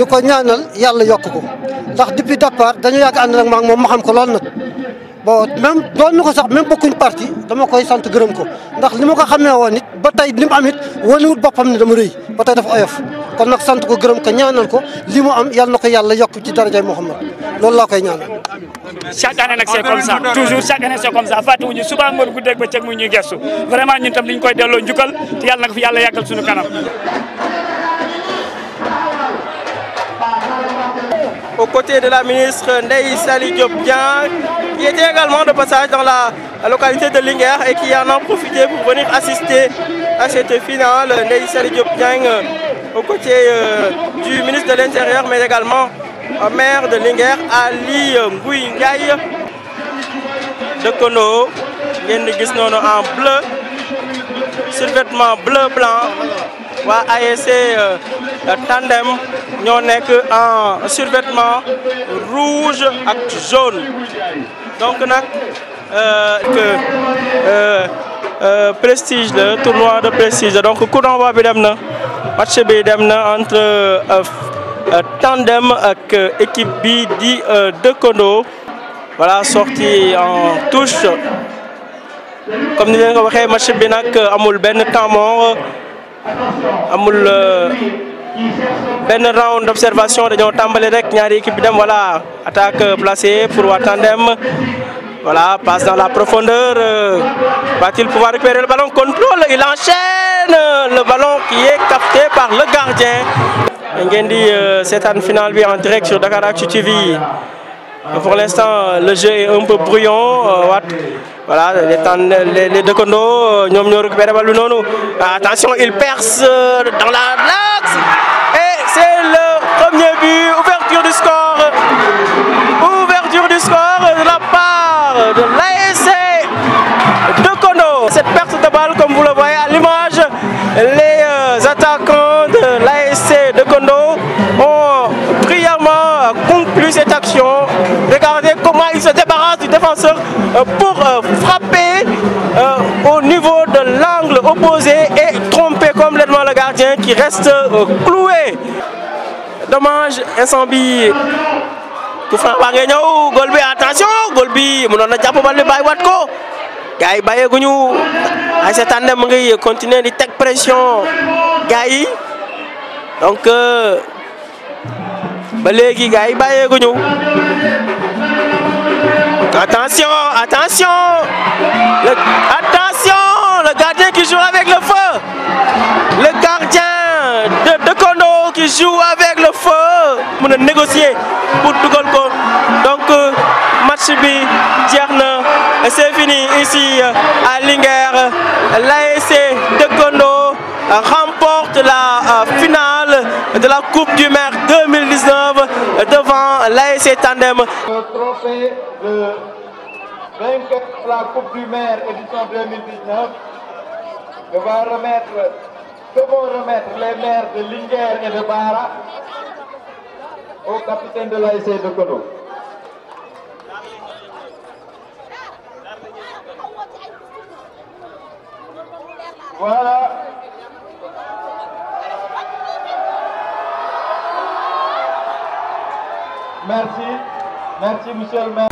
diko ñaanal yalla yok ko ndax depuis départ dañu yàgg and nak mak mom ma xam ko lool nak bo même doon na sax même bokkuñ parti dama koy sant gërem ko ndax limu ko xamé won nit ba tay ni mu am it waniwut boppam ne dama reuy ba tay dafa oyof kon nak sant ko gërem ko ñaanal ko limu am yalla nako yalla yok ci daraja muhammad lool la koy ñaanal. chaque année nak c'est comme ça toujours chaque année c'est comme ça fatou fàttewuñu suba mo ngoon ak ba cëg mu ñuy gestu vraiment ñun tam liñ koy delloo ñukal yalla nak fi yalla yàggal suñu kanam. aux côtés de la ministre Ndei Sali qui était également de passage dans la localité de Linger et qui en a profité pour venir assister à cette finale. Ndei Sali au aux côtés euh, du ministre de l'Intérieur, mais également euh, maire de Linger, Ali euh, Ngouingaï de Kono, en bleu, sur vêtement bleu-blanc wa le euh, Tandem ñoo en survêtement rouge et jaune donc euh que euh, euh, prestige le tournoi de prestige donc coup d'envoi bi dem match bi entre Tandem avec équipe bi di cono voilà sorti en touche comme nous avons ko match bi Amoul amul benn amul ben round d'observation de tambalé rek ñaari équipe dem voilà attaque euh, placée pour Watandem. voilà passe dans la profondeur euh, va-t-il pouvoir récupérer le ballon contrôle il enchaîne le ballon qui est capté par le gardien Ngendi, c'est seetaan finale en direct sur Dakaractu TV pour l'instant le jeu est un peu brouillon voilà, les, deux condos, euh, récupéré le nono. Attention, il perce euh, dans la lance. Et c'est le premier but, ouverture du score. Ouverture du score de la part de l'ASC de Kono. Cette perte de balle, comme vous le voyez à l'image, les euh, attaquants de l'ASC de Kono ont brillamment conclu cette action. Regardez comment ils se débarrassent du défenseur euh, pour euh, frapper euh, au niveau de l'angle opposé et tromper complètement le gardien qui reste cloué. Dommage, incendie. Tout frappe baa ngay attention golbi mon pour a jàpp bal bi bàyyiwaat ko gars yi bàyyeeguñu ay sa continuer pression Gaï donc Gaï Attention, attention Attention Le gardien qui joue avec le feu Le gardien de, Kondo qui joue avec le feu pour négocier pour le donc euh, match bi c'est fini ici euh, à Linger. l'ASC de Kondo euh, remporte la finale de la Coupe du Maire 2019 devant l'ASC Tandem. 24, de la Coupe du Maire édition 2019, je vais remettre, remettre les maires de Linger et de Bara au capitaine de l'AIC de Kono. Voilà. Merci. Merci, monsieur le maire.